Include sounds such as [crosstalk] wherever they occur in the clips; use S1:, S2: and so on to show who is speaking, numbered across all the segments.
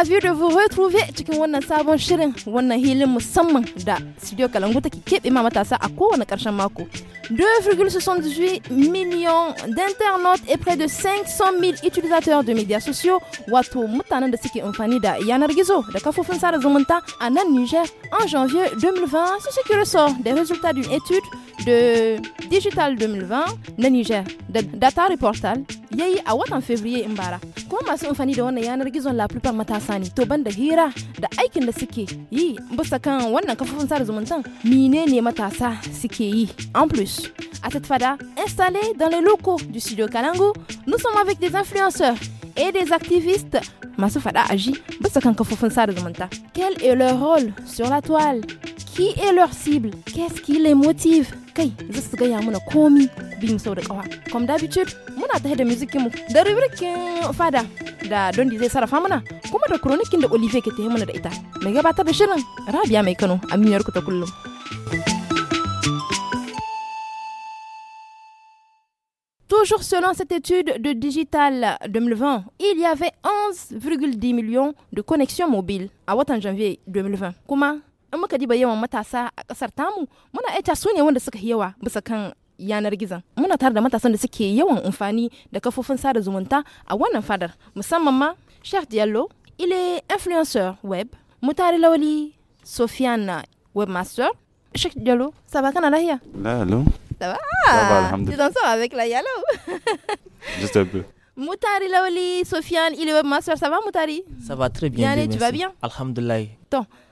S1: ravie de vous retrouver cikin wannan sabon shirin wannan hilin musamman da studio Kalangu take keɓe ma matasa a kowane ƙarshen mako. 2,78 millions d'internautes et près de 500 000 utilisateurs de médias sociaux wato mutanen da suke amfani da yanar gizo da kafofin sada zumunta a nan Niger en janvier 2020 c'est ce qui ressort des résultats d'une étude de Digital 2020 na Niger da Data Reportal yayi a watan Fabrairu in Kuma masu amfani da wannan yanar gizon la plupart matasa matasa ne to banda hira da aikin da suke yi bisa kan wannan kafofin sada zumunta menene matasa suke yi en plus à cette fada installée dans les locaux du studio Kalangu nous sommes avec des influenceurs et des activistes masu fada aji bisa kan kafofin sada zumunta quel est leur rôle sur la toile qui est leur cible qu'est-ce qui les motive kai za su gaya mana komi bin sau da kawa comme d'habitude muna tare da musikinmu da rubrikin fada da Don zai sarrafa mana kuma da kronikin da olivier ke mana da ita mai gabatar da shirin rabia mai kano aminiyar ku ta kullum Toujours selon cette étude de Digital 2020, il y avait 11,10 millions de connexions mobiles à watan janvier 2020. Kuma, in muka diba yawan matasa a kasar tamu, muna aita su ne wanda suka yawa bisa kan yanar gizon muna tare da matasan da suke yawan amfani da kafofin sada zumunta a wannan fadar musamman ma Sheikh Diallo il est influenceur web. Moutari Lawli, Sofiane, webmaster. Cheikh Diallo, ça va, Canada Là, allô Ça va Ça va, Tu avec la Yalo [laughs] Juste un peu. Moutari Lawli, Sofiane, il est webmaster. Ça va, Moutari Ça va
S2: très bien. merci. tu vas bien Alhamdulillah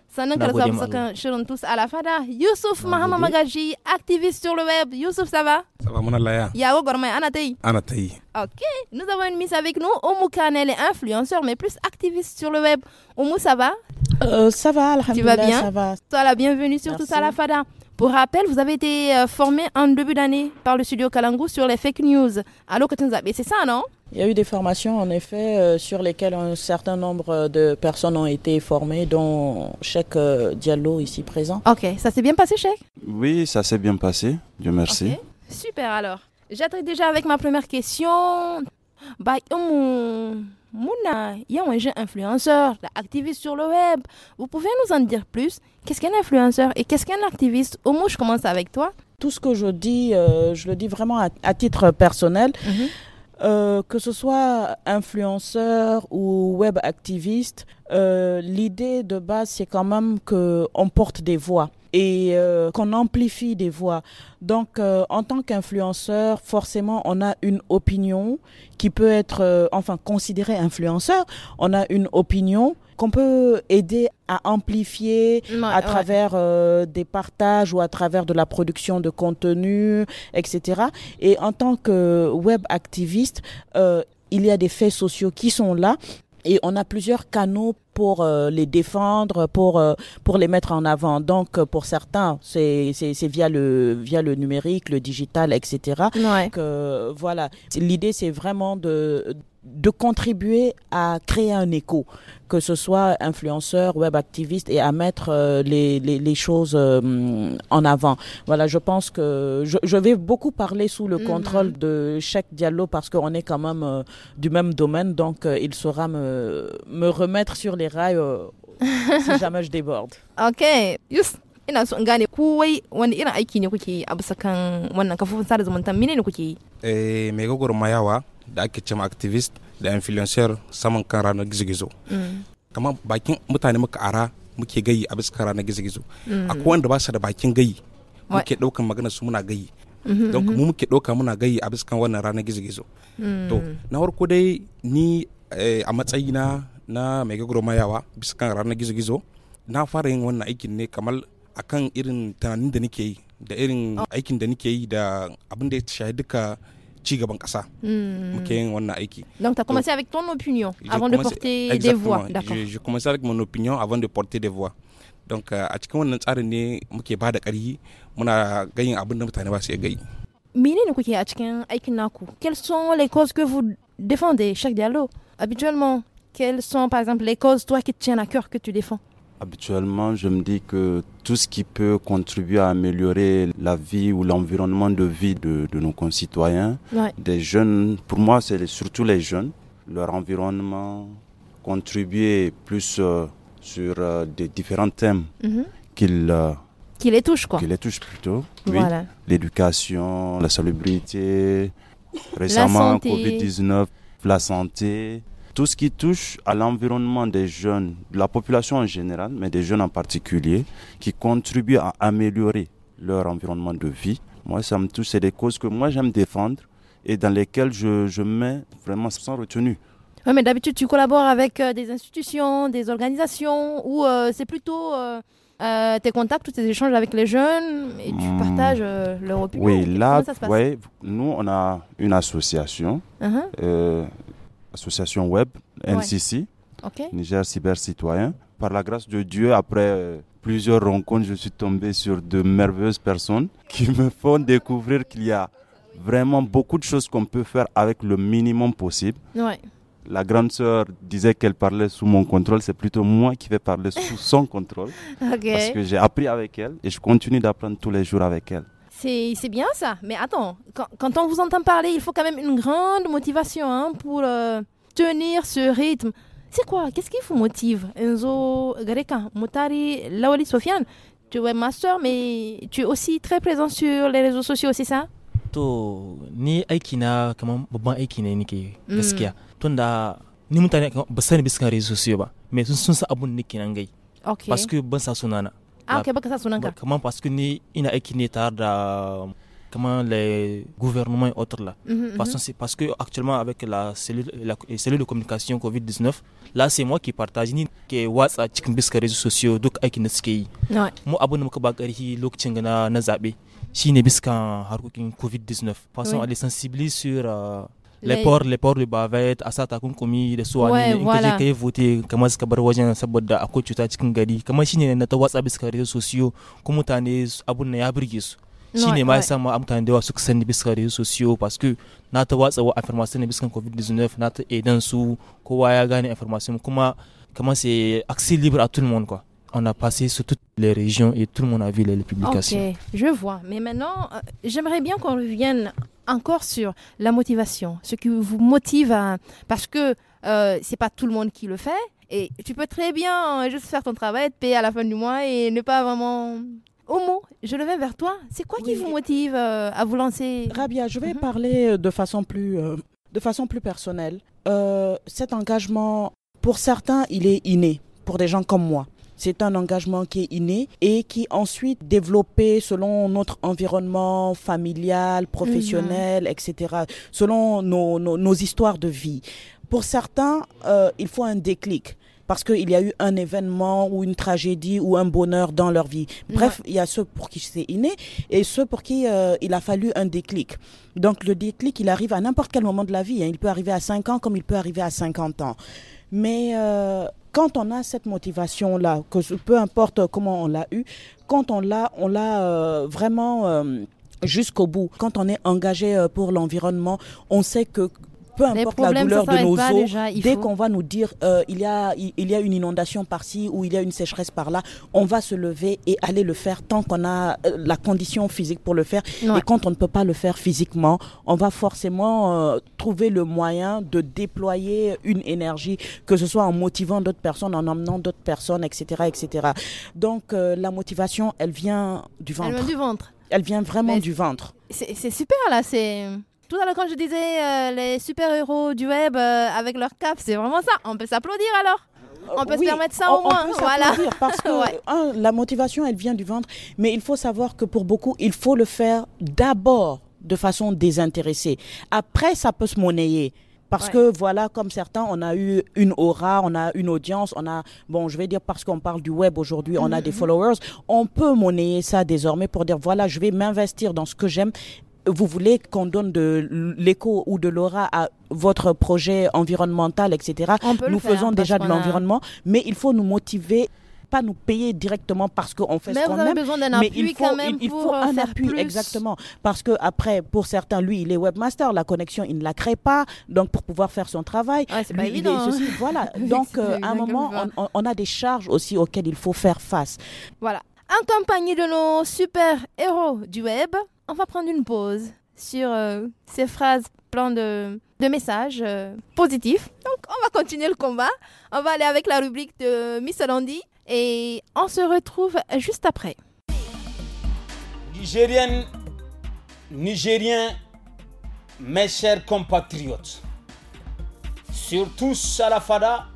S1: sannan ka tous, sakan shirin fada. alafada yusuf mahama magaji activiste sur le web yusuf ça va
S2: ça va mon alaya
S1: gormay ana
S3: ok
S1: nous avons une mise avec nous Oumou Kanel est influenceur mais plus activiste sur le web Oumou ça va euh, ça va tu vas bien ça va sois la bienvenue sur tous fada. pour rappel, vous avez été euh, formé en début d'année par le studio Kalangu sur les fake news. Alors que tu c'est ça, non
S4: il y a eu des formations, en effet, euh, sur lesquelles un certain nombre de personnes ont été formées, dont Cheikh euh, Diallo ici présent.
S1: Ok, ça s'est bien passé, Cheikh
S5: Oui, ça s'est bien passé, Dieu merci. Ok,
S1: Super alors. j'atterris déjà avec ma première question. Bah, Mouna, il y a un jeune influenceur, activiste sur le web. Vous pouvez nous en dire plus Qu'est-ce qu'un influenceur et qu'est-ce qu'un activiste Oumou, je commence avec toi. Tout ce que je dis, euh, je le dis vraiment à,
S4: titre personnel. Mhm. Euh, que ce soit influenceur ou web activiste, euh, l'idée de base, c'est quand même qu'on porte des voix et euh, qu'on amplifie des voix. Donc, euh, en tant qu'influenceur, forcément, on a une opinion qui peut être, enfin, considérée influenceur. On a une opinion qu'on peut aider à amplifier à travers des partages ou à travers de la production de contenu, etc. Et en tant que web activiste, il y a des faits sociaux qui sont là et on a plusieurs canaux pour euh, les défendre, pour euh, pour les mettre en avant. Donc euh, pour certains, c'est c'est via le via le numérique, le digital, etc. Donc, voilà, l'idée c'est vraiment de de contribuer à créer un écho, que ce soit influenceur, web activiste, et à mettre euh, les, les, choses euh, en avant. Voilà, je pense que je, vais beaucoup parler sous le mhm. contrôle de chaque dialogue parce qu'on est quand même euh, du même domaine, donc il saura me, me remettre sur les rails si jamais je déborde.
S1: [laughs] Ok, yes. so aiki ne kuke
S3: da ake cewa activist da influencer saman kan ranar gizo-gizo mm. kamar bakin mutane muka ara muke gayi a bisa ranar gizo-gizo mm. akwai wanda ba su da bakin gayi muke ɗaukan magana su muna gayi mm-hmm, don mm-hmm. mu muke ɗauka muna gayi a bisa wannan ranar gizo-gizo mm. to na farko dai ni eh, a matsayi na mai mayawa bisa kan ranar gizo-gizo na fara yin wannan aikin ne kamar akan irin tunanin da nake yi da irin oh. aikin da nake yi da abin da ya shahi duka Hmm.
S1: donc tu as commencé avec ton opinion avant de porter des voix je
S3: commencé avec mon opinion avant de porter des voix donc a euh, cikin wannan tsarin ne muke ƙarfi muna abin da mutane ba su iya
S1: menene kuke quelles sont les causes que vous défendez chaque dialogue habituellement quelles sont par exemple les causes toi qui tiens à cœur que tu défends
S5: Habituellement, je me dis que tout ce qui peut contribuer à améliorer la vie ou l'environnement de vie de, nos concitoyens, des jeunes, pour moi, c'est surtout les jeunes, leur environnement, contribuer plus euh, sur euh, des différents thèmes mhm. euh,
S1: qui les touchent, quoi. Qui les
S5: touchent plutôt. L'éducation, la salubrité, récemment Covid-19, la santé tout ce qui touche à l'environnement des jeunes, de la population en général, mais des jeunes en particulier, qui contribuent à améliorer leur environnement de vie. Moi, ça me touche, c'est des causes que moi j'aime défendre et dans lesquelles je, je mets vraiment sans retenue.
S1: Oui, mais d'habitude, tu collabores avec euh, des institutions, des organisations, ou euh, c'est plutôt euh, tes contacts ou tes échanges avec les jeunes et tu hmm. partages leur opinion. Oui, là,
S5: nous, on a une association. Uh-huh association web, NCC, Niger Cyber Citoyen. Par la grâce de Dieu, après euh, plusieurs rencontres, je suis tombé sur de merveilleuses personnes qui me font découvrir qu'il y a vraiment beaucoup de choses qu'on peut faire avec le minimum possible. La grande sœur disait qu'elle parlait sous mon contrôle, c'est plutôt moi qui vais parler sous son contrôle.
S1: [laughs] Parce que
S5: j'ai appris avec elle et je continue d'apprendre tous les jours avec elle.
S1: C'est bien ça. Mais attends, quand, quand, on vous entend parler, il faut quand même une grande motivation hein, pour euh, tenir ce rythme. C'est quoi Qu'est-ce qui vous motive Enzo Gareca, Motari, Lawali Sofiane, tu es master, mais tu es aussi très présent sur les réseaux sociaux, c'est ça
S2: To, ni aikina kamar babban aiki ne nake mm. gaskiya. Tunda ni mutane ba sani très réseaux sur ba, mais sun sa abun nake nan gai. Parce que ban sa sunana. Ah, bah, parce que nous avons dans comment les gouvernements autres là. Mhm, mhm. parce, que actuellement avec la cellule, de communication Covid-19, là c'est moi qui partage ni que WhatsApp réseaux sociaux donc aikin da moi yi. Covid-19. Façon à les sur euh, les ports les ports du bavette a sa takun kumi de su wani in kaje kai vote kamar suka bar wajen saboda akwai cuta cikin gari kamar shine na ta watsa bisa kare sosiyo kuma mutane abun ya burge su shine ma yasa ma mutane da ce suka sani bisa kare sociaux parce que na ta whatsapp wa affirmation bisa covid 19 na ta edan su kowa ya gane affirmation kuma comment c'est accès libre à tout le monde quoi. On a passé sur toutes les régions et tout le monde a vu les, publications. Ok,
S1: je vois. Mais maintenant, euh, j'aimerais bien qu'on revienne encore sur la motivation, ce qui vous motive Parce que euh, c'est pas tout le monde qui le fait. Et tu peux très bien euh, juste faire ton travail, être payé à la fin du mois et ne pas vraiment Homo, je le vais vers toi. C'est quoi qui vous motive euh, à vous lancer Rabia, je vais mhm.
S4: parler de façon plus, de façon plus personnelle. cet engagement, pour certains, il est inné, pour des gens comme moi. C'est un engagement qui est inné et qui ensuite développé selon notre environnement familial, professionnel, mhm. etc., selon nos, histoires de vie. Pour certains, euh, il faut un déclic parce qu'il y a eu un événement ou une tragédie ou un bonheur dans leur vie. Bref, il y a ceux pour qui c'est inné et ceux pour qui euh, il a fallu un déclic. Donc le déclic, il arrive à n'importe quel moment de la vie. Hein. Il peut arriver à 5 ans comme il peut arriver à 50 ans. Mais euh, quand on a cette motivation-là, que peu importe comment on l'a eue, quand on l'a, on l'a euh, vraiment... Euh, jusqu'au bout. Quand on est engagé pour l'environnement, on sait que peu importe la douleur de nos os, déjà, dès qu'on va nous dire euh, il, y a, il y a une inondation par-ci ou il y a une sécheresse par-là, on va se lever et aller le faire tant qu'on a euh, la condition physique pour le faire. Et quand on ne peut pas le faire physiquement, on va forcément euh, trouver le moyen de déployer une énergie, que ce soit en motivant d'autres personnes, en emmenant d'autres personnes, etc. etc. Donc euh, la motivation, elle vient du ventre. Elle vient du ventre. Elle vient vraiment du ventre.
S1: C'est super là, c'est tout à l'heure quand je disais euh, les super-héros du web euh, avec leur cap, c'est vraiment ça. On peut s'applaudir alors on peut se permettre ça au moins. On voilà. Parce [laughs] que
S4: la motivation, elle vient du ventre, mais il faut savoir que pour beaucoup, il faut le faire d'abord de façon désintéressée. Après, ça peut se monnayer. Parce que voilà, comme certains, on a eu une aura, on a une audience, on a, bon, je vais dire parce qu'on parle du web aujourd'hui, on a des mhm. followers, on peut monnayer ça désormais pour dire voilà, je vais m'investir dans ce que j'aime vous voulez qu'on donne de l'écho ou de l'aura à votre projet environnemental, etc. nous faisons déjà de l'environnement, mais il faut nous motiver pas nous payer directement parce qu'on fait ce qu'on besoin d'un mais il faut, quand même il, il faut euh, un appui exactement parce que après pour certains lui il est webmaster la connexion il ne la crée pas donc pour pouvoir faire son travail il est hein. ceci, [laughs] voilà donc euh, à un moment on, on a des charges aussi auxquelles il faut faire face
S1: voilà en compagnie de nos super héros du web on va prendre une pause sur euh, ces phrases pleines de, messages euh, positifs. Donc, on va continuer le combat. On va aller avec la rubrique de Miss Alandi. et on se retrouve juste après.
S6: Nigérienne, Nigérien, mes chers compatriotes, tous Salafada,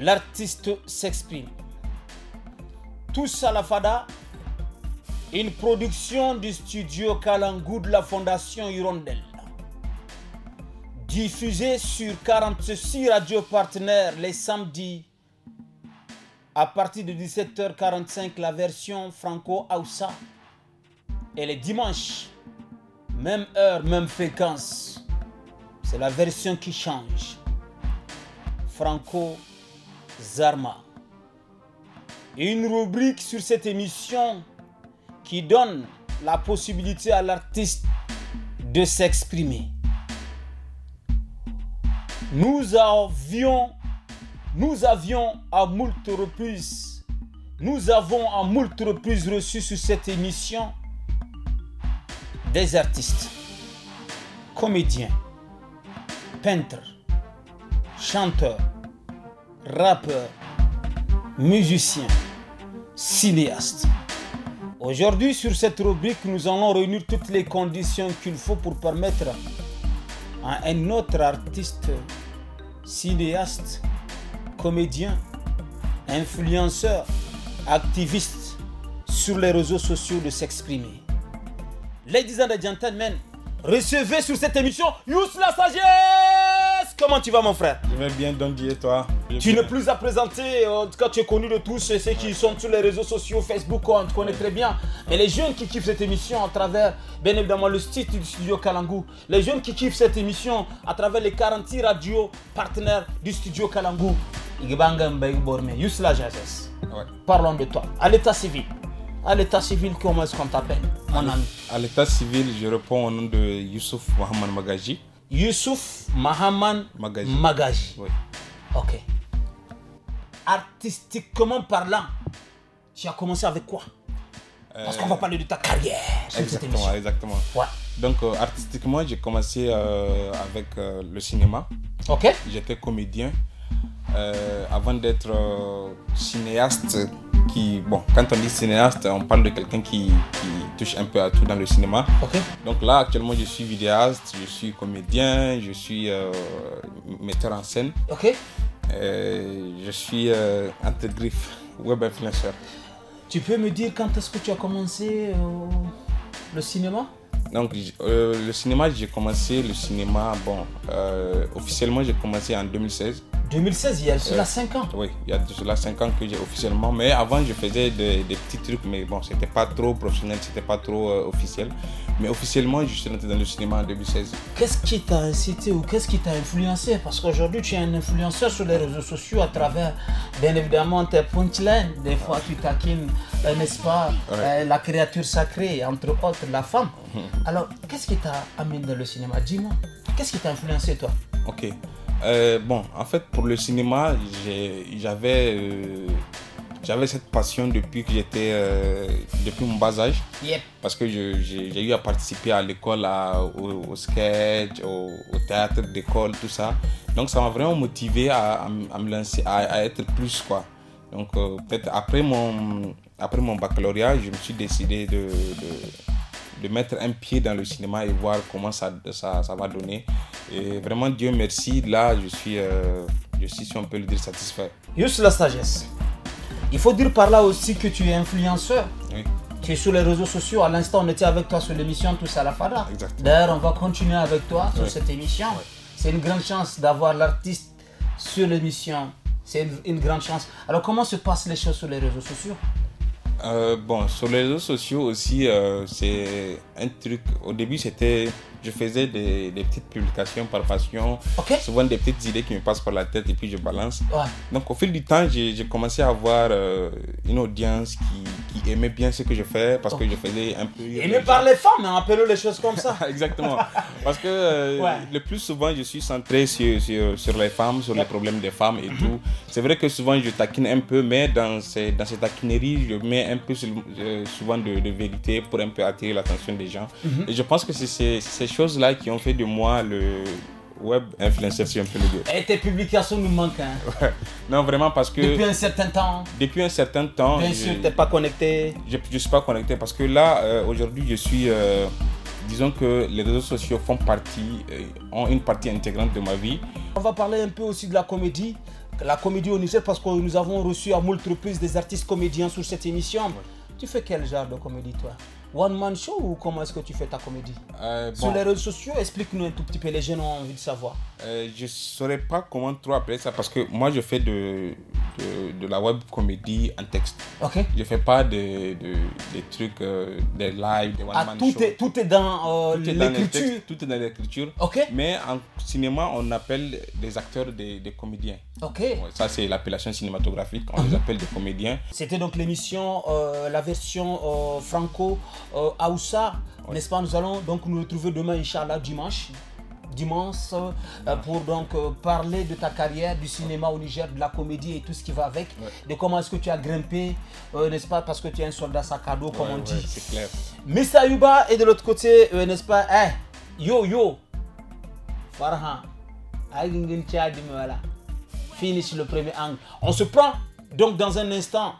S6: l'artiste s'exprime. Tous Salafada, une production du studio Kalangou de la Fondation Hirondelle. Diffusée sur 46 radio partenaires les samedis à partir de 17h45 la version franco-aoussa et les dimanches, même heure, même fréquence. C'est la version qui change. Franco-Zarma. Une rubrique sur cette émission qui donne la possibilité à l'artiste de s'exprimer. Nous avions, nous avions à moult reprises, nous avons à moult reprises reçu sur cette émission des artistes, comédiens, peintres, chanteurs, rappeurs, musiciens, cinéastes. Aujourd'hui, sur cette rubrique, nous allons réunir toutes les conditions qu'il faut pour permettre à un autre artiste, cinéaste, comédien, influenceur, activiste sur les réseaux sociaux de s'exprimer. Ladies and gentlemen, recevez sur cette émission la Sagé Comment tu vas, mon frère Je vais bien, donc, et toi Tu n'es plus à présenter. Euh, en tout cas, tu es connu de tous ceux qui sont sur les réseaux sociaux, Facebook, on te connaît très bien. Mais les jeunes qui kiffent cette émission à travers, bien évidemment, le site du studio Kalangu, les jeunes qui kiffent cette émission à travers les 40 radios partenaires du studio Kalangu, Ouais. Parlons de toi. À l'état civil. À l'état civil, comment est-ce qu'on t'appelle, mon ami
S3: À l'état civil, je réponds au nom de Youssouf Mohamed Magaji. Youssouf Mahaman Magaji. Ok.
S6: Artistiquement parlant, tu as commencé avec quoi
S3: Parce qu'on euh, va parler
S6: de ta carrière. Exactement,
S3: exactement. Donc, euh, artistiquement, j'ai commencé euh, avec le cinéma. Ok. J'étais comédien. avant d'être cinéaste qui, bon, quand on dit cinéaste, on parle de quelqu'un qui, touche un peu à tout dans le cinéma. Donc là, actuellement, je suis vidéaste, je suis comédien, je suis euh, metteur en scène. Ok. Euh, je suis euh, web
S6: Tu peux me dire quand est-ce que tu as commencé euh, le cinéma
S3: donc, le cinéma, j'ai commencé le cinéma, bon, officiellement, j'ai commencé en 2016.
S6: 2016, il y a cela 5 ans.
S3: Oui, il y a cela 5 ans que j'ai officiellement. Mais avant, je faisais des, petits trucs, mais bon, c'était pas trop professionnel, c'était pas trop euh, officiel. Mais officiellement, je suis rentré dans le cinéma en 2016.
S6: Qu'est-ce qui t'a incité ou qu'est-ce qui t'a influencé Parce qu'aujourd'hui, tu es un influenceur sur les réseaux sociaux à travers, bien évidemment, tes punchlines. Des fois, tu taquines, euh, n'est-ce pas, euh, la créature sacrée, entre autres, la femme. [laughs] Alors, qu'est-ce qui t'a amené dans le cinéma Dis-moi, qu'est-ce qui t'a influencé, toi
S3: Ok. Euh, bon, en fait, pour le cinéma, j'avais euh, j'avais cette passion depuis que j'étais euh, depuis mon bas âge. Parce que j'ai eu à participer à l'école, au, au, sketch, au, théâtre d'école, tout ça. Donc, ça m'a vraiment motivé à, me lancer, à, être plus quoi. Donc, peut-être après mon après mon baccalauréat, je me suis décidé de de mettre un pied dans le cinéma et voir comment ça, ça, ça va donner. Et vraiment, Dieu merci, là, je suis, euh, je suis, si on peut le dire, satisfait.
S6: Juste la sagesse. Il faut dire par là aussi que tu es influenceur. Tu es sur les réseaux sociaux. À l'instant, on était avec toi sur l'émission Tous à la Fada. D'ailleurs, on va continuer avec toi sur cette émission. C'est une grande chance d'avoir l'artiste sur l'émission. C'est une, une grande chance. Alors, comment se passent les choses sur les réseaux sociaux
S3: euh, bon, sur les réseaux sociaux aussi, euh, c'est un truc. Au début, c'était je faisais des, petites publications par passion, souvent des petites idées qui me passent par la tête et puis je balance. Donc au fil du temps, j'ai commencé à avoir euh, une audience qui, aimait bien ce que je fais parce que je faisais un peu... Aimé par
S6: les femmes, hein, appelons les choses comme ça. [laughs] Exactement.
S3: Parce que euh, le plus souvent, je suis centré sur, sur, les femmes, sur les problèmes des femmes et tout. C'est vrai que souvent, je taquine un peu, mais dans ces, dans ces taquineries, je mets un peu euh, souvent de, vérité pour un peu attirer l'attention des gens. Mhm. Et je pense que c'est choses-là qui ont fait de moi le web influenceur, si on peut le dire.
S6: Et eh, tes publications nous manquent. Hein.
S3: Non, vraiment parce que... Depuis un certain temps. Depuis un certain temps. Bien sûr, t'es pas connecté. Je ne suis pas connecté parce que là, euh, aujourd'hui, je suis... Euh, disons que les réseaux sociaux font partie, euh, ont une partie intégrante de ma vie.
S6: On va parler un peu aussi de la comédie. La comédie au Niger parce que nous avons reçu à moult reprises des artistes comédiens sur cette émission. Tu fais quel genre de comédie toi one man show ou comment est-ce que tu fais ta comédie euh, Sur les réseaux sociaux, explique-nous un tout petit peu, les jeunes ont envie de savoir.
S3: Euh, je ne saurais pas comment trop appeler ça parce que moi je fais de, de, la web comédie en texte. Ok. Je ne fais pas de, des trucs, euh, des lives, des one ah, man tout Est,
S6: tout est dans l'écriture
S3: Tout est dans l'écriture. Mais en cinéma, on appelle des acteurs des comédiens. Ok. ça, c'est l'appellation cinématographique. On les uh-huh. appelle des comédiens.
S6: C'était donc l'émission, euh, la version euh, franco-aoussa, euh, n'est-ce pas Nous allons donc nous retrouver demain, Inch'Allah, dimanche dimanche pour donc parler de ta carrière, du cinéma au Niger, de la comédie et tout ce qui va avec, de comment est-ce que tu as grimpé, n'est-ce pas, parce que tu es un soldat sac dos, comme on dit. c'est clair. Miss Yuba et de l'autre côté, n'est-ce pas, eh, yo yo, Farhan, dit, voilà fini le premier angle. On se prend donc dans un instant,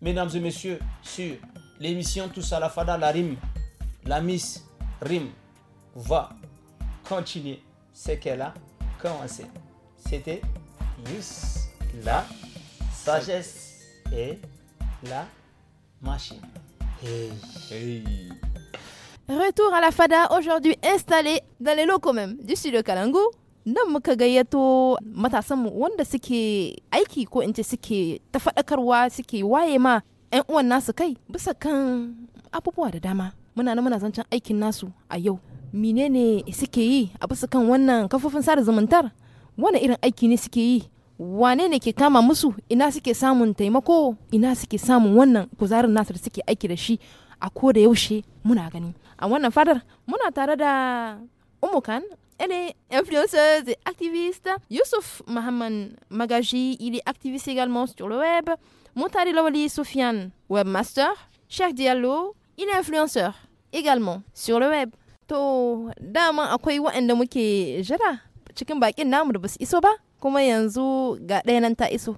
S6: mesdames et messieurs, sur l'émission Tous à la Fada, la rime, la miss rime va continuer ce qu'elle a commencé. C'était Yus, la sagesse et la machine.
S1: Retour à la Fada, aujourd'hui installée dans les locaux même du de Kalangu nan muka gayyato matasanmu wanda suke aiki ko in ce suke ta faɗakarwa suke waye ma 'yan uwan nasu kai bisa kan abubuwa da dama muna nan muna zancen aikin nasu a yau menene suke yi a bisa kan wannan kafofin sada zumuntar wani irin aiki ne suke yi wane ne ke kama musu ina suke samun taimako ina suke samun wannan kuzarin nasu da suke aiki da shi a ko da yaushe muna gani a wannan fadar muna tare da umukan elle est influenceuse et activiste. Youssouf Mohamed Magaji, il est activiste également sur le web. Montari Lawali Sofiane, webmaster. Cher Diallo, il est influenceur également sur le web. To dama akwai waɗanda muke jira cikin bakin namu da basu iso ba kuma yanzu ga ɗaya nan ta iso.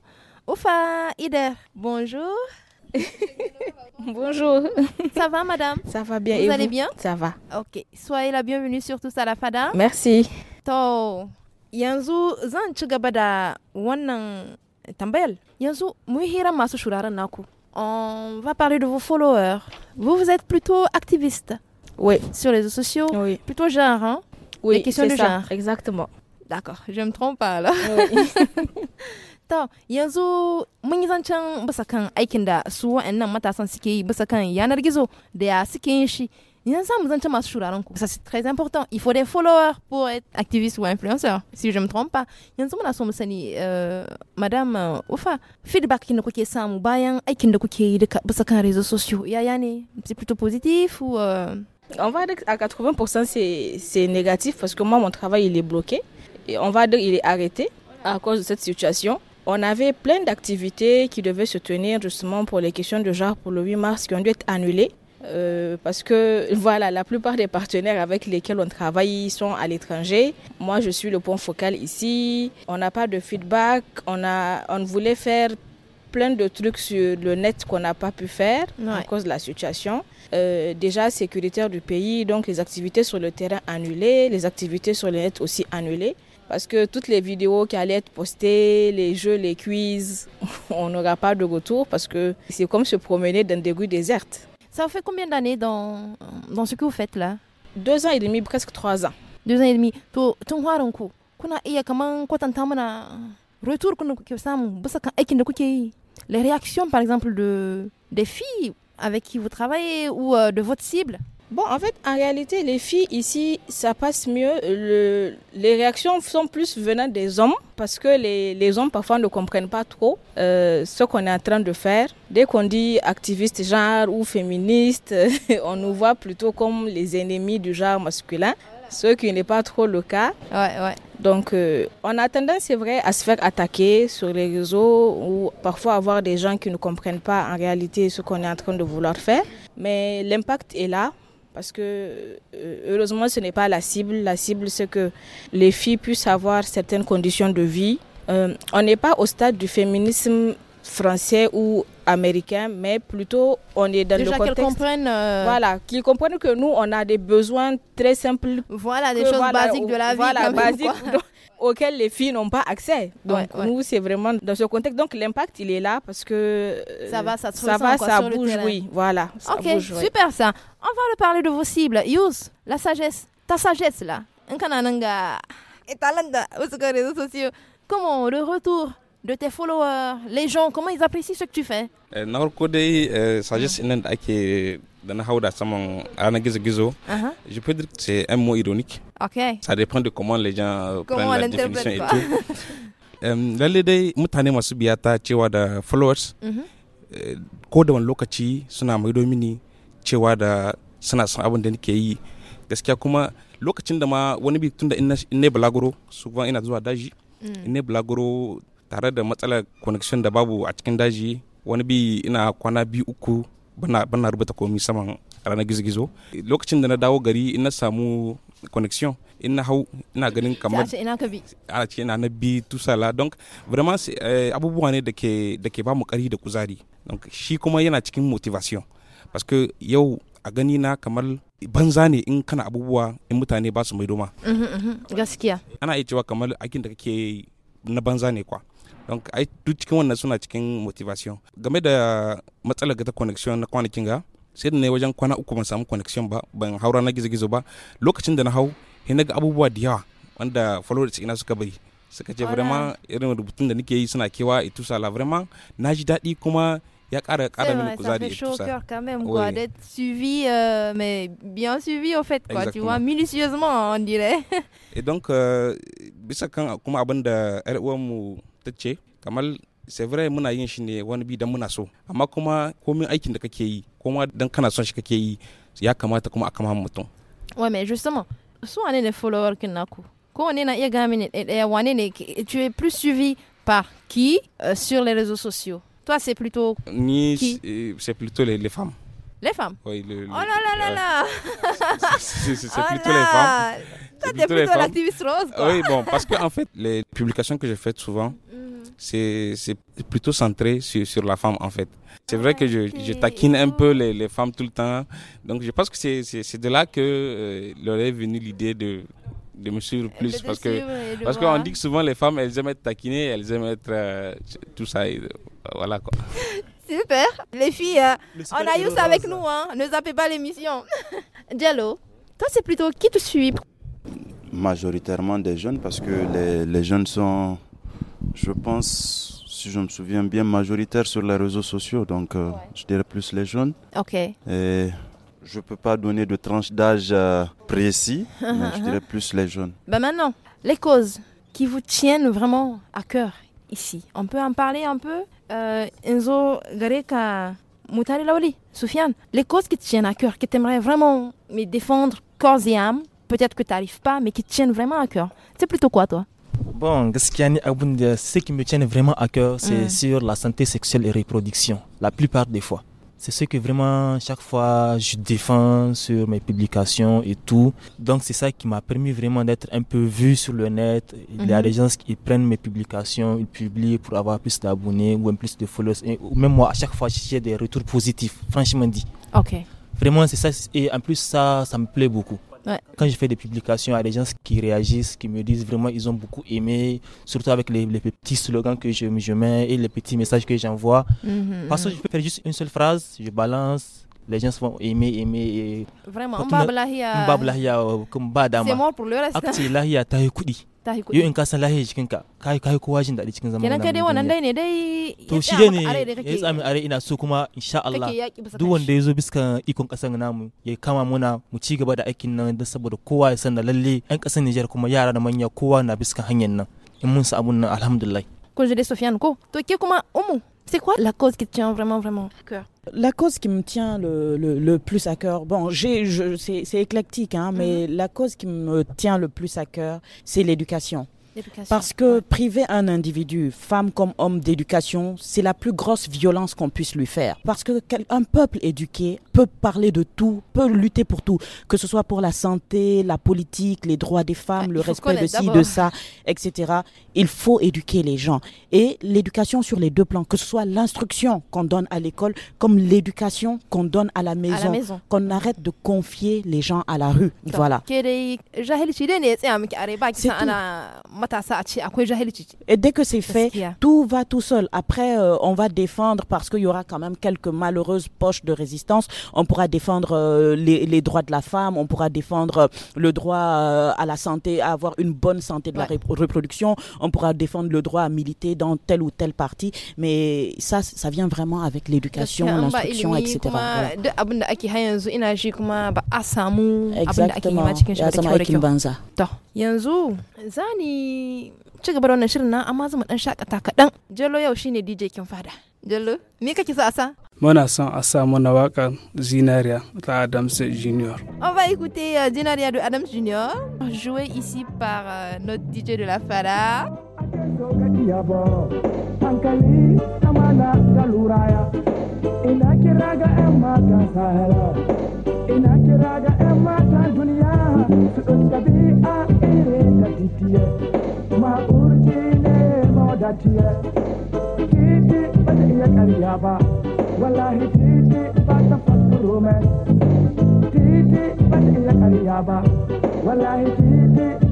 S1: Ufa Ider, bonjour. [laughs] Bonjour. Ça va, madame Ça va bien. Vous, allez bien Ça va. Ok. Soyez la bienvenue sur tout ça la Fada. Merci. To, yanzu zan ci gaba Yanzu On va parler de vos followers. Vous, vous êtes plutôt activiste. Oui. Sur les réseaux sociaux. Oui. Plutôt genre, hein Oui, les questions de genre. Exactement. D'accord, je me trompe pas là. [laughs] to yanzu mun yi zancen bisa kan aikin da su wa'annan matasan suke yi bisa kan yanar gizo da ya suke yin shi yanzu mu zancen masu shuraren ku c'est très important il faut des followers pour être activiste ou influenceur si je me trompe pas yanzu muna so mu sani euh, madame Ufa euh, feedback kin da kuke samu bayan aikin da kuke yi duka bisa kan réseaux sociaux ya ne c'est plutôt positif ou euh?
S7: On va dire à 80% c'est négatif parce que moi mon travail il est bloqué et on va dire il est arrêté à cause de cette situation on avait plein d'activités qui devaient se tenir justement pour les questions de genre pour le 8 mars qui ont dû être annulées. Euh, parce que [laughs] voilà, la plupart des partenaires avec lesquels on travaille sont à l'étranger. Moi, je suis le point focal ici. On n'a pas de feedback. On, voulait faire plein de trucs sur le net qu'on n'a pas pu faire à cause de la situation. Euh, déjà sécuritaire du pays, donc les activités sur le terrain annulées, les activités sur le net aussi annulées. Parce que toutes les vidéos qui allaient être postées, les jeux, les quiz, [laughs] on n'aura pas de retour parce que c'est comme se promener dans des rues désertes.
S1: Ça fait combien d'années dans, dans ce que vous faites là Deux ans et demi, presque trois ans. Deux ans et demi. retour les réactions par exemple de des filles avec qui vous travaillez ou euh, de votre cible Bon, en fait, en réalité, les filles ici, ça passe mieux.
S7: les réactions sont plus venant des hommes parce que les, les hommes parfois ne comprennent pas trop euh, ce qu'on est en train de faire. Dès qu'on dit activiste genre ou féministe, [laughs] on nous voit plutôt comme les ennemis du genre masculin, ce qui n'est pas trop le cas. Ouais, ouais. Donc, euh, on a tendance, c'est vrai, à se faire attaquer sur les réseaux ou parfois avoir des gens qui ne comprennent pas en réalité ce qu'on est en train de vouloir faire. Mais l'impact est là parce que euh, heureusement, ce n'est pas la cible. La cible, c'est que les filles puissent avoir certaines conditions de vie. Euh, on n'est pas au stade du féminisme français où américain, mais plutôt on est dans le contexte. comprennent, euh, Voilà, qu'ils comprennent que nous, on a des besoins très simples. Voilà, des choses basiques de la vie. Voilà, basiques [laughs] auxquelles les filles n'ont pas accès. Donc nous, c'est vraiment dans ce contexte. Donc l'impact, il est là parce que euh, ça va, ça, se ça, va, ça bouge, oui. Voilà. ok, super
S1: ça. On va parler de vos cibles. Yous, la sagesse, ta sagesse là. Et réseaux Comment le retour de tes followers, les gens, comment ils apprécient ce que tu fais
S3: eh, Na farko dai eh, ah. da ake da na hauda saman ranar gizo je peux dire que c'est un mot ironique. Okay. Ça dépend de comment les gens comment prennent la définition et
S1: tout.
S3: [laughs] Lalle dai mutane masu biya cewa da followers, mhm. eh, ko da wani lokaci suna mai domini cewa da suna son abin da nake yi. Gaskiya kuma lokacin da ma wani bi tun da in ne bulaguro, souvent ina zuwa daji, mm. in ne bulaguro tare da matsalar connection da babu a cikin daji wani bi ina kwana biyu uku bana rubuta komi saman ranar gizo-gizo lokacin da na dawo gari ina samu connection in na hau ina ganin kamar a ce ina na bi tusala don vraiment eh, abubuwa ne da ke ba mu kari da kuzari shi kuma yana cikin motivation parce que yau a gani na kamar banza ne in kana abubuwa in mutane ba su mai doma gaskiya ana iya cewa kamar aikin da kake na banza ne kwa Donc, ay duk cikin suna cikin motivation game da matsalar ga ta connection na kwana kinga sai da wajen kwana uku ban connection ba ban haura na gizo lokacin da na Je a ga abubuwa da yawa wanda followers suka bari vraiment irin rubutun da nake yi suna kewa itusa la vraiment na ji kuma ya ƙara ƙara kuzari cœur quand même quoi d'être
S1: suivi euh, mais bien suivi au fait quoi tu vois minutieusement on dirait. [laughs]
S3: et donc euh, bisa kuma abin da uwanmu c'est kamar c'est vrai muna yin shi ne wani bi dan muna so amma kuma komin aikin da kake yi kuma dan kana son shi kake yi ya kamata kuma a kama mutum
S1: ouais mais justement su wane ne follower kin naku ko wane na iya ga mini ɗaya wane ne tu es plus suivi par qui euh, sur les réseaux sociaux toi c'est plutôt
S3: ni c'est plutôt les, les femmes les femmes oui oh là là là là [laughs] c'est oh plutôt les femmes oui, bon, parce qu'en en fait, les publications que j'ai faites souvent, mm. c'est plutôt centré sur, sur, la femme, en fait. C'est vrai ah, que je, je, taquine un peu les, les, femmes tout le temps. Donc, je pense que c'est de là que euh, leur est venue l'idée de, de me suivre plus parce que parce qu'on dit que souvent les femmes elles aiment être taquinées elles aiment être euh, tout ça euh, voilà quoi
S1: [laughs] super les filles on a ça avec nous hein ne zappez pas l'émission [laughs] Diallo toi c'est plutôt qui te suit
S5: majoritairement des jeunes parce que les, les, jeunes sont, je pense, si je me souviens bien, majoritaires sur les réseaux sociaux. Donc, euh, je dirais plus les jeunes. Ok. Et je ne peux pas donner de tranche d'âge euh, précis, [laughs] mais je dirais plus les jeunes.
S1: Bah, maintenant, les causes qui vous tiennent vraiment à cœur ici, on peut en parler un peu euh, Enzo Gareka, Moutali Laoli, Soufiane, les causes qui te tiennent à cœur, que tu aimerais vraiment me défendre corps et âme peut-être que tu n'arrives pas, mais qui tiennent vraiment à cœur. C'est plutôt quoi, toi
S2: Bon, ce qui me tient vraiment à cœur, c'est mm. sur la santé sexuelle et reproduction, la plupart des fois. C'est ce que vraiment, chaque fois, je défends sur mes publications et tout. Donc, c'est ça qui m'a permis vraiment d'être un peu vu sur le net. Il y a mm-hmm. des gens qui prennent mes publications, ils publient pour avoir plus d'abonnés ou un plus de followers. Et même moi, à chaque fois, j'ai des retours positifs, franchement dit. Ok. Vraiment, c'est ça. Et en plus, ça, ça me plaît beaucoup. Quand je fais des publications, il y a des gens qui réagissent, qui me disent vraiment ils ont beaucoup aimé, surtout avec les, petits slogans que je, mets et les petits messages que j'envoie. Mhm. Parce que je peux faire juste une seule phrase, je balance, les gens vont aimer, aimer. Et... Vraiment, c'est mort pour
S1: le reste. Yo in
S2: kasa lahi vie, ka kai kai kowa jin daɗi cikin kai dai wannan
S1: dai ne dai to shi dai ne ya tsami
S2: ina so kuma insha Allah duk wanda yazo ikon ƙasar namu ya kama muna mu ci gaba da aikin nan saboda kowa ya lalle kuma yara da manya kowa na biskan hanyar abun alhamdulillah
S1: to ke umu c'est quoi la cause qui te tient vraiment, vraiment à cœur
S4: La cause qui me tient le, le, plus à cœur, bon, c'est éclectique, hein, mhm. mais la cause qui me tient le plus à cœur, c'est l'éducation. Parce que priver un individu, femme comme homme, d'éducation, c'est la plus grosse violence qu'on puisse lui faire. Parce que un peuple éduqué peut parler de tout, peut lutter pour tout, que ce soit pour la santé, la politique, les droits des femmes, ah, le respect de ci, de ça, etc. Il faut éduquer les gens. Et l'éducation sur les deux plans, que ce soit l'instruction qu'on donne à l'école, comme l'éducation qu'on donne à la maison, qu'on arrête de confier les gens à la rue. voilà.
S1: Et dès que c'est fait, tout va tout seul.
S4: Après, euh, on va défendre parce qu'il y aura quand même quelques malheureuses poches de résistance. On pourra défendre euh, les, droits de la femme, on pourra défendre euh, le droit à la santé, à avoir une bonne santé de la reproduction, on pourra défendre le droit à militer dans tel ou tel parti. Mais ça, ça vient vraiment avec l'éducation, l'instruction, etc. Voilà
S1: yi ci gaba da wannan shirin na amma zama dan shakata kaɗan jello yau shine dj kin fada jello me kake sa asa
S3: muna son a sa mana waka zinaria ta adams junior
S1: on va écouter uh, zinaria de adams junior joué ici par euh, notre dj de la fada soka kiyabo hankali amana da luraya ina kira ga yan matan sahara
S4: ina kira ga yan matan duniya su ɗauka bi'a irin da titiye ma'urki ne mawadatiye titi ba ta iya karya ba wallahi titi ba ta fasuro mai titi ba ta iya karya ba wallahi titi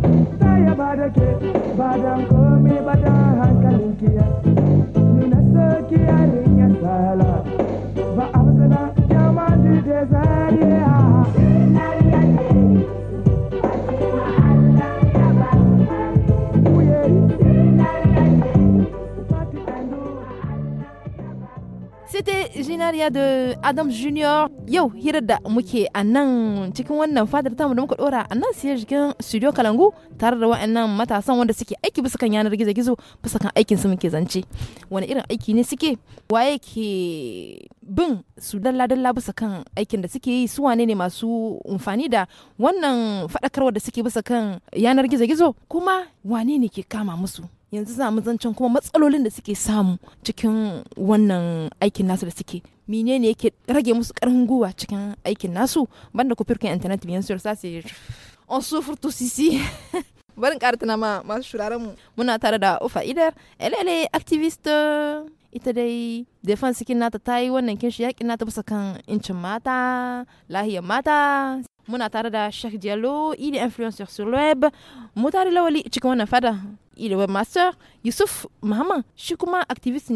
S4: ya ba da ke ba dan komai ba dan hankalin ya ni na soki yarin ya sala ba a masana jama da zariya
S1: C'était Ginaria de Adam Junior. yau hirar da muke a nan cikin wannan fadar tamu da muka dora a nan siyar jikin studio kalangu tare da wa'annan matasan wanda suke aiki bisa kan yanar gizo gizo bisa kan aikin su muke zance wani irin aiki ne suke waye ke bin su dalla dalla bisa kan aikin da suke yi su wane ne masu amfani da wannan faɗakarwa da suke bisa kan yanar gizo gizo kuma wane ne ke kama musu yanzu za mu zancen kuma matsalolin da suke samu cikin wannan aikin nasu da suke menene yake rage musu karfin gwiwa cikin aikin nasu banda ku firkin internet biyan sur sa on souffre tous sisi. [laughs] barin ƙara tana ma masu shuraren mu muna tare da ufa idar elele activist uh, ita dai defense kin nata ta yi wannan shi yakin nata bisa kan incin mata lahiyar mata muna tare da Sheikh Diallo, il est sur web, mu tare lawali cikin wannan fada. il est sœur, Youssouf Mahama. Je suis un activiste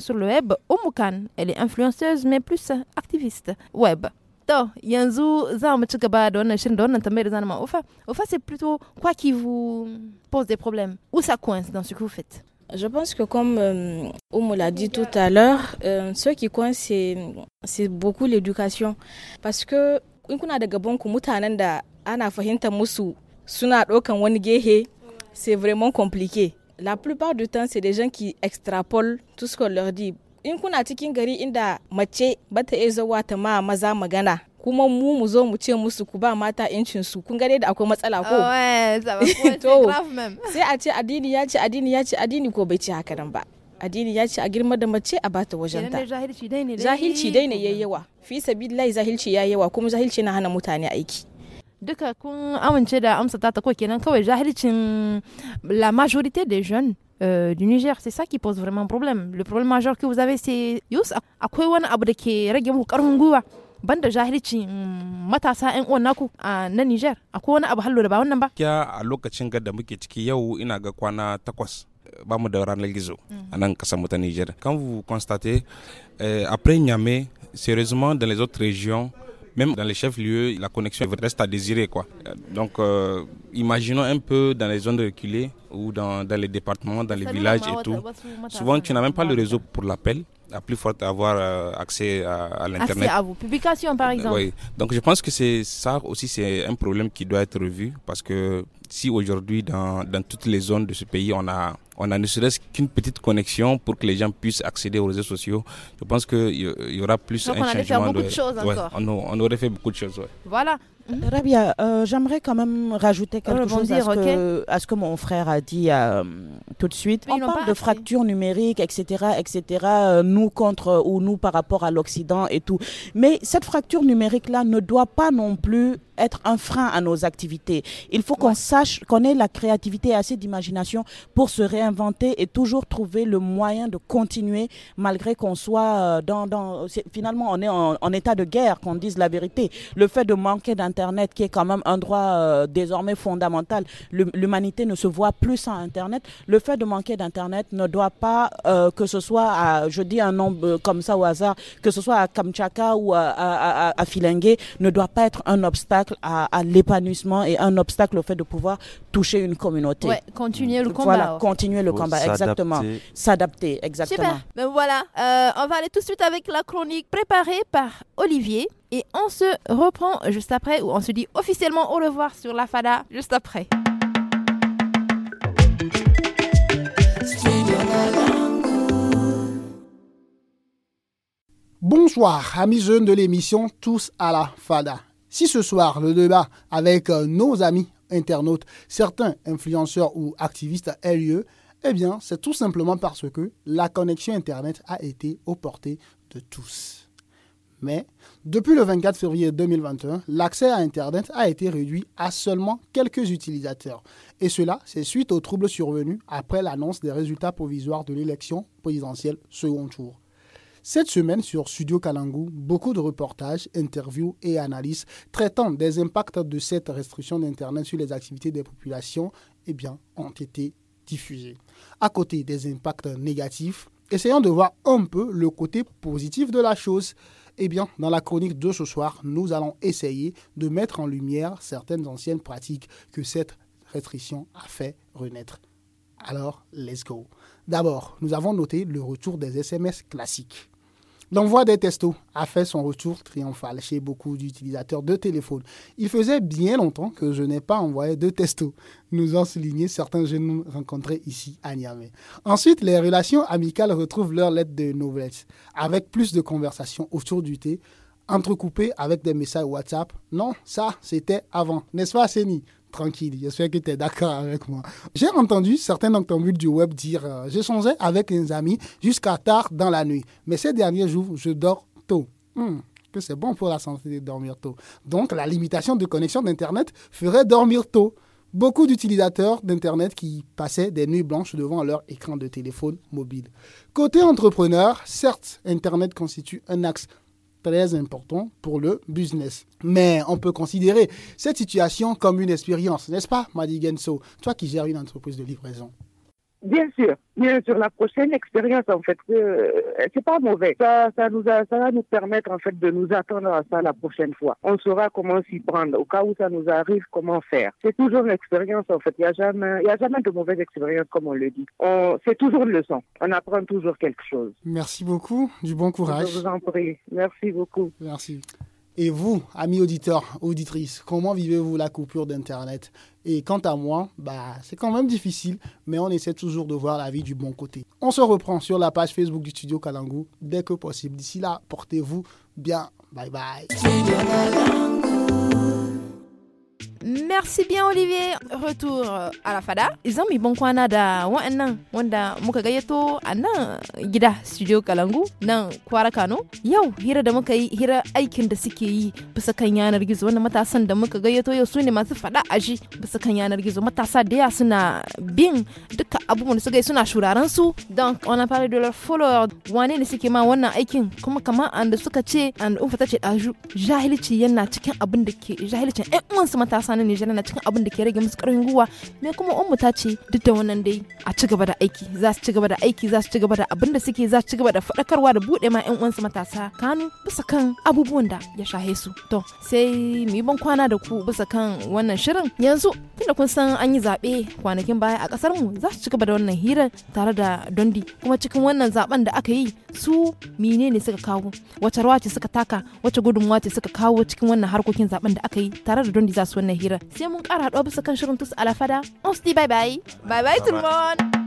S1: sur le web Omukan, Elle est influenceuse mais plus activiste web. Donc, yanzu za mu ci gaba da wannan da wannan Ofa. c'est plutôt quoi qui vous pose des problèmes Où ça coince dans ce que vous
S7: faites je pense que comme euh, l'a dit tout à l'heure, euh, ce qui coince, c'est beaucoup l'éducation. Parce que in kuna da gaban ku mutanen da ana fahimta musu suna ɗaukan wani gehe c'est vraiment compliqué. La plupart du temps, c'est des gens qui extrapolent tout ce qu'on leur dit. In kuna cikin gari inda mace ba ta iya zuwa ta ma maza magana kuma mu mu zo mu ce musu ku ba mata yancin su kun gane da akwai matsala ko oh, eh, [laughs] to sai a ce addini ya ce addini ya ce addini ko bai ce haka nan ba addini ya ce a girma da mace a bata wajen ta
S1: zahilci dai ne yayi yawa fi sabilillahi
S7: zahilci yayi yawa kuma zahilci na hana mutane aiki
S1: duka kun amince da amsa ta ko kenan kawai jahilcin la majorité des jeunes euh, du Niger, c'est ça qui pose vraiment problème. Le problème majeur que vous avez, c'est yus akwai wani abu da ke rage muku karfin gwiwa banda jahilcin matasa 'yan uwan naku a na Niger. Akwai wani abu hallo da ba wannan ba?
S3: Kya a lokacin da muke ciki yau ina ga kwana takwas eh, ba mu da ranar gizo mm. a nan kasar mu ta Niger. Quand vous constatez euh, après Niamey, sérieusement dans les autres régions même dans les chefs-lieux, la connexion reste à désirer. Quoi. Donc, euh, imaginons un peu dans les zones reculées ou dans, dans les départements, dans les villages et tout. Souvent, tu n'as même pas le réseau pour l'appel à plus forte avoir euh, accès à, à l'internet. Accès à vos
S1: publications, par euh, exemple.
S3: Donc je pense que c'est ça aussi, c'est un problème qui doit être revu parce que si aujourd'hui dans, dans toutes les zones de ce pays on a on a ne serait-ce qu'une petite connexion pour que les gens puissent accéder aux réseaux sociaux. Je pense qu'il y, y aura
S4: plus Donc un on aurait Fait de... choses
S3: on, on aurait fait beaucoup de choses.
S4: Voilà. Mhm. Rabia, euh, j'aimerais quand même rajouter quelque chose à ce, que, à ce, mon frère a dit euh, tout de suite. On parle de fracture numérique, etc., etc., euh, nous contre ou nous par rapport à l'Occident et tout. Mais cette fracture numérique-là ne doit pas non plus être un frein à nos activités. Il faut qu'on sache, qu'on ait la créativité et assez d'imagination pour se réinventer et toujours trouver le moyen de continuer malgré qu'on soit dans, dans finalement on est en, en état de guerre, qu'on dise la vérité. Le fait de manquer d'un Internet, qui est quand même un droit euh, désormais fondamental. L'humanité ne se voit plus sans Internet. Le fait de manquer d'Internet ne doit pas, euh, que ce soit à, je dis un nombre euh, comme ça au hasard, que ce soit à Kamchaka ou à, à, ne doit pas être un obstacle à, l'épanouissement et un obstacle au fait de pouvoir toucher une communauté. Ouais,
S1: continuer le combat. Voilà,
S4: continuer le combat, exactement. S'adapter, exactement. Super.
S1: Ben voilà, on va aller tout de suite avec la chronique préparée par Olivier. Et on se reprend juste après, ou on se dit officiellement au revoir sur la Fada juste après.
S8: Bonsoir, amis jeunes de l'émission Tous à la Fada. Si ce soir le débat avec euh, nos amis internautes, certains influenceurs ou activistes a lieu, eh bien, c'est tout simplement parce que la connexion Internet a été aux portées de tous. Mais depuis le 24 février 2021, l'accès à Internet a été réduit à seulement quelques utilisateurs. Et cela, c'est suite aux troubles survenus après l'annonce des résultats provisoires de l'élection présidentielle second tour. Cette semaine sur Studio Kalangu, beaucoup de reportages, interviews et analyses traitant des impacts de cette restriction d'Internet sur les activités des populations eh bien, ont été diffusés. À côté des impacts négatifs, Essayons de voir un peu le côté positif de la chose. Eh bien, dans la chronique de ce soir, nous allons essayer de mettre en lumière certaines anciennes pratiques que cette restriction a fait renaître. Alors, let's go. D'abord, nous avons noté le retour des SMS classiques. L'envoi des testos a fait son retour triomphal chez beaucoup d'utilisateurs de téléphones. Il faisait bien longtemps que je n'ai pas envoyé de testos, nous ont souligné certains jeunes rencontrés ici à Niamey. Ensuite, les relations amicales retrouvent leur lettre de noblesse, avec plus de conversations autour du thé, entrecoupées avec des messages WhatsApp. Non, ça, c'était avant, n'est-ce pas, Séni tranquille, j'espère que tu es d'accord avec moi. J'ai entendu certains octambules du web dire euh, Je songeais avec mes amis jusqu'à tard dans la nuit, mais ces derniers jours, je dors tôt. Hmm, que c'est bon pour la santé de dormir tôt. Donc, la limitation de connexion d'Internet ferait dormir tôt. Beaucoup d'utilisateurs d'Internet qui passaient des nuits blanches devant leur écran de téléphone mobile. Côté entrepreneur, certes, Internet constitue un axe très important pour le business. Mais on peut considérer cette situation comme une expérience, n'est-ce pas, Madi Genso, toi qui gères une entreprise de livraison Bien sûr,
S4: bien sûr, la prochaine expérience en fait, euh, c'est pas mauvais. Ça, ça nous ça va nous permettre en fait de nous attendre à ça la prochaine fois. On saura comment s'y prendre au cas où ça nous arrive, comment faire. C'est toujours une expérience en fait. Il n'y a jamais, a jamais de mauvaise expérience comme on le dit. c'est toujours une leçon. On apprend toujours quelque chose.
S8: Merci beaucoup, du bon courage. Je vous en prie. Merci beaucoup. Merci. Et vous, amis auditeurs, auditrices, comment vivez-vous la coupure d'internet? Et quant à moi, bah, c'est quand même difficile, mais on essaie toujours de voir la vie du bon côté. On se reprend sur la page Facebook du studio Kalangu dès que possible. D'ici là, portez-vous bien. Bye bye.
S1: Merci bien Olivier. Retour à la fada. Izan bon kwana da wa'annan wanda Mukagayeto gayyato ah, gida studio Kalangu na Kwara Kano. Yau hira da muka yi hira aikin da suke yi bisa yanar gizo matasan da muka gayyato yau su ne masu fada aji ji yanar gizo matasa da suna bin duka abubuwan da suka suna shuraren su don wani fara de follower wane ne suke ma wannan aikin kuma kamar and suka ce an umfa ta ce ɗaju jahilci yana eh, matasa mutanen Nijar na cikin abin da ke rage musu ƙarfin gwiwa me kuma ummu ta ce duk da wannan dai a ci gaba da aiki za su ci gaba da aiki za su ci gaba da abin da suke za su ci gaba da fadakarwa da bude ma ƴan uwansu matasa kanu bisa kan abubuwan da ya shahe su to sai mu yi ban kwana da ku bisa kan wannan shirin yanzu tunda kun san an yi zaɓe kwanakin baya a ƙasar mu za su ci gaba da wannan hirar tare da dondi kuma cikin wannan zaben da aka yi su menene suka kawo wace rawa ce suka taka wace gudunmawa ce suka kawo cikin wannan harkokin zaben da aka yi tare da dondi za su wannan Si C'est mon cas à Rob, c'est quand je rentre à la fada. On se dit bye bye. Bye bye tout le monde.